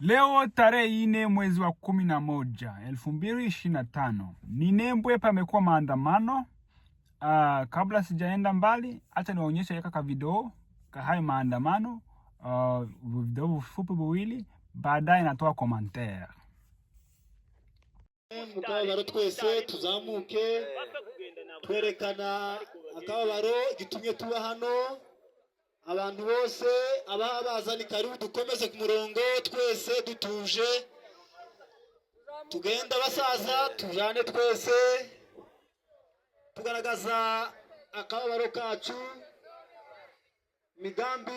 Leo tarehe ine mwezi wa kumi na moja elfu mbili ishirini na tano Ninembwe pamekuwa maandamano. Uh, kabla sijaenda mbali, niwaonyesha niwaonyeshe ka video ka hayo maandamano uh, video vifupi viwili, baadaye natoa komantera Mugabaro twese tuzamuke twerekana akababaro gitumye tuba hano abantu bose abaha baza karibu dukomeze ku murongo twese dutuje tugenda basaza tujyane twese tugaragaza akababaro kacu imigambi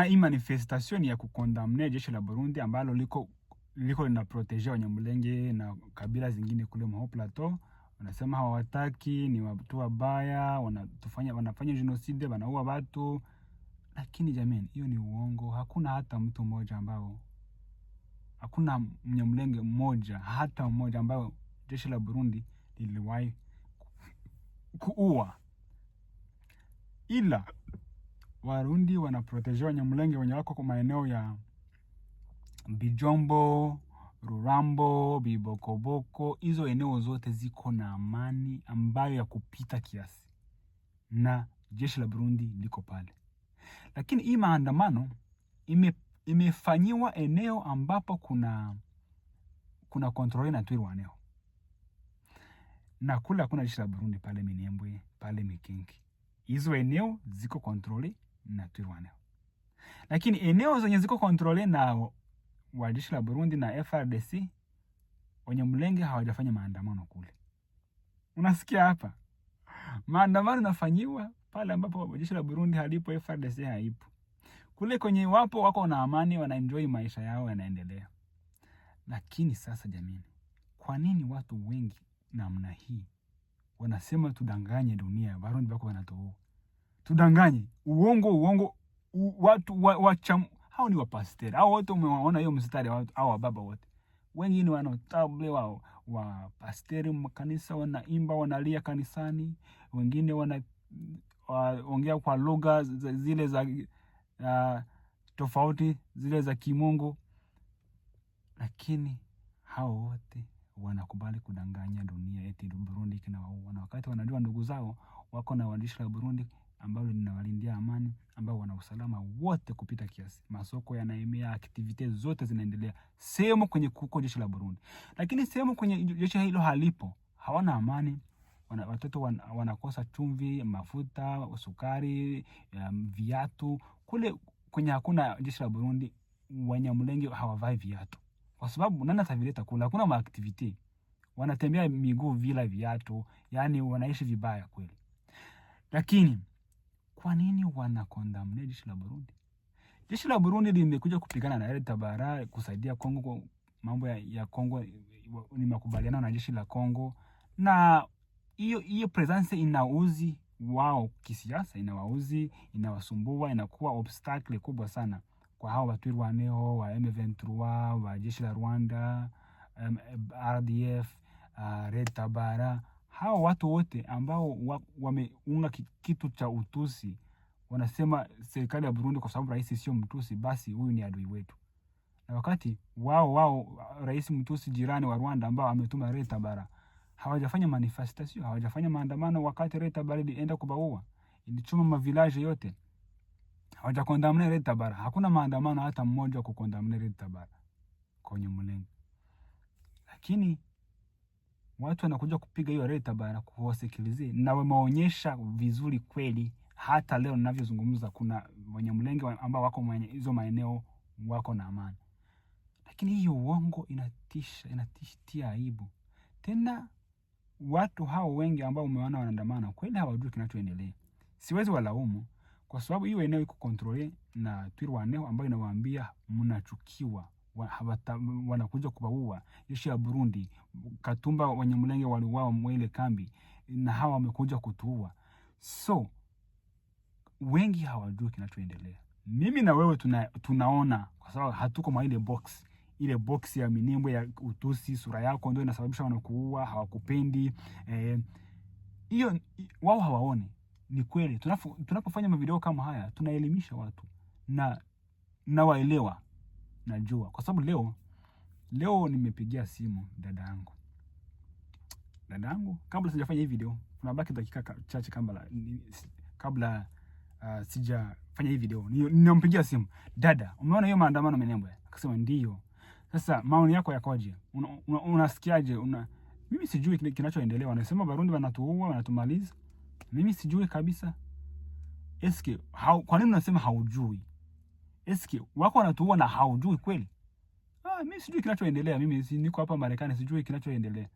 Kuna hii manifestation ya kukondamnea jeshi la Burundi ambalo liko liko linaprotegea Wanyamulenge na kabila zingine kule mwa Plateau. Wanasema hawataki, ni watu wabaya, wanatufanya wanafanya genocide, wanaua watu. Lakini jamani, hiyo ni uongo. Hakuna hata mtu mmoja ambao hakuna Mnyamulenge mmoja hata mmoja ambao jeshi la Burundi liliwahi kuua ila Warundi wanaprotejewa Wanyamulenge wenye wako kwa maeneo ya Bijombo, Rurambo, Bibokoboko, hizo eneo zote ziko na amani ambayo ya kupita kiasi, na jeshi la Burundi liko pale. Lakini hii maandamano ime, imefanyiwa eneo ambapo kuna kuna kontrole na eneo na kule hakuna jeshi la Burundi pale Minembwe, pale Mikingi, hizo eneo ziko kontrole na tulirwaneho. Lakini eneo zenye ziko kontrole na wajeshi la Burundi na FRDC wenye mlenge hawajafanya maandamano kule. Unasikia hapa? Maandamano nafanyiwa pale ambapo jeshi la Burundi halipo, FRDC haipo. Kule kwenye wapo wako na amani, wanaenjoy maisha yao yanaendelea. Lakini sasa jamini, kwa nini watu wengi namna hii wanasema tudanganye dunia, Warundi wako wanatowaa? tudanganye uongo uongo u, watu wa, wacham hao ni wapasteri hao wote umewaona hiyo mstari hao wababa wote wengine wanotable wao wapasteri makanisa wanaimba wanalia kanisani wengine wanaongea kwa lugha zile za uh, tofauti zile za kimungu lakini hao wote wanakubali kudanganya dunia eti Burundi kina na wakati wanajua ndugu zao wako na waandishi la Burundi ambalo linawalindia amani, ambao wana usalama wote kupita kiasi. Masoko yanaemea, activity zote zinaendelea sehemu kwenye kuko jeshi la Burundi, lakini sehemu kwenye jeshi hilo halipo, hawana amani. Wana, watoto wan, wanakosa chumvi, mafuta, sukari, um, viatu. Kule kwenye hakuna jeshi la Burundi, Wanyamulenge hawavai viatu kwa sababu nani atavileta kule? Hakuna maaktiviti, wanatembea miguu bila viatu, yani wanaishi vibaya kweli, lakini kwa nini wanakondamnia jeshi la Burundi? Jeshi la Burundi limekuja kupigana na ile Tabara kusaidia Kongo kwa mambo ya, ya Kongo ni makubaliana na jeshi la Kongo, na hiyo hiyo presence inauzi wao kisiasa, inawauzi, inawasumbua, inakuwa obstacle kubwa sana kwa hao watu wa Neo wa M23 wa jeshi la Rwanda, um, RDF, uh, Red Tabara hawa watu wote ambao wameunga kitu cha utusi wanasema serikali ya Burundi kwa sababu rais sio mtusi, basi huyu ni adui wetu, na wakati wao wao rais mtusi jirani wa Rwanda ambao ametuma Retabara hawajafanya manifestation, hawajafanya maandamano wakati Retabara ilienda kubaua, ilichoma mavilaje yote, hawajakondamna Retabara. Hakuna maandamano hata mmoja kukondamne kukondamna Retabara kwenye mlengo, lakini watu wanakuja kupiga hiyo reta bana, kuwasikilizie na wameonyesha vizuri kweli. Hata leo ninavyozungumza, kuna Wanyamulenge ambao wako hizo maeneo wako na amani, lakini hiyo uongo inatisha, inatishtia aibu tena. Watu hao wengi ambao umeona wanaandamana kweli hawajui kinachoendelea. Siwezi walaumu kwa sababu hiyo eneo iko kontrole na Twirwaneho ambayo inawaambia mnachukiwa wanakuja kuwaua. Jeshi ya Burundi, Katumba wenye mlenge waliuawa mwele kambi, na hawa wamekuja kutuua. So wengi hawajui kinachoendelea. Mimi na wewe tuna, tunaona kwa sababu hatuko mwa ile box ile box ya minembwe ya utusi, sura yako ndio inasababisha wanakuua, hawakupendi eh, hiyo eh, wao hawaoni. Ni kweli tunapofanya mavideo kama haya tunaelimisha watu na nawaelewa najua kwa sababu leo leo nimepigia simu dada yangu dada yangu, kabla sijafanya hii video, kuna baki dakika chache kabla kabla uh, sijafanya hii video, nilimpigia simu dada, umeona hiyo maandamano Minembwe? Akasema ndio. Sasa maoni yako yakoje? Unasikiaje? una, una, una, mimi sijui kinachoendelea. Wanasema Barundi wanatuua wanatumaliza, mimi sijui kabisa. Eske, kwa nini unasema haujui? Eski wako wanatuua na haujui kweli? Ah, mimi sijui kinachoendelea, mimi si niko hapa Marekani, sijui kinachoendelea.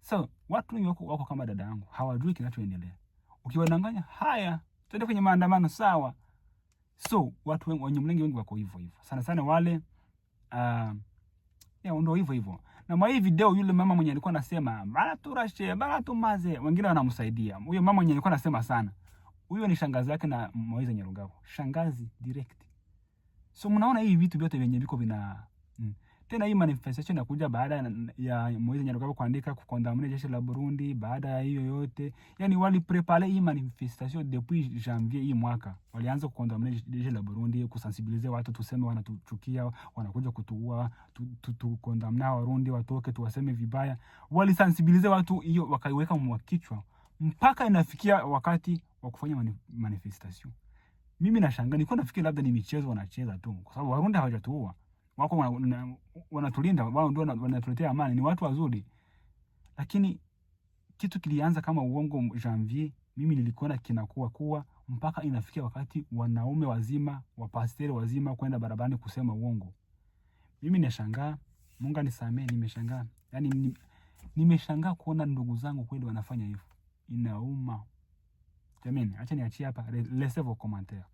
So watu wengi wako, wako kama dada yangu, hawajui kinachoendelea. Ukiwadanganya haya, twende kwenye maandamano sawa. So watu wengi wenye mlengi wengi wako hivyo hivyo sana sana wale uh, ya ndio hivyo hivyo. Na mwa hii video yule mama mwenye alikuwa anasema mara turashe mara maze, wengine wanamsaidia huyo mama mwenye alikuwa anasema sana. Huyo ni shangazi yake na Moize Nyarugabo, shangazi direct. So mnaona hii vitu vyote vyenye viko vina mm. Tena hii manifestation inakuja baada ya Moise Nyarugabo kuandika kukondamna jeshi la Burundi, baada ya hiyo yote. Yaani wali prepare hii manifestation depuis janvier hii mwaka. Walianza kukondamna jeshi la Burundi, kusensibilize watu tuseme wanatuchukia, wanakuja kutuua, tukondamna tu, tu, Warundi watoke tuwaseme vibaya. Wali sensibilize watu hiyo wakaiweka mwa kichwa mpaka inafikia wakati wa kufanya manifestation. Mimi nashangaa, nilikuwa nafikiri labda ni michezo wanacheza tu, kwa sababu Warundi hawajatuua, wako wanatulinda, wao ndio wanatuletea amani, ni watu wazuri. Lakini kitu kilianza kama uongo Janvier, mimi nilikuona kinakuwa kuwa mpaka inafikia wakati wanaume wazima wa wapasteri wazima kwenda barabarani kusema uongo. Mimi nashangaa, Mungu anisamee, nimeshangaa. yani, nimeshangaa kuona ndugu zangu kweli wanafanya hivyo. Inauma. Jamani, acha niachie hapa, laissez vos commentaires.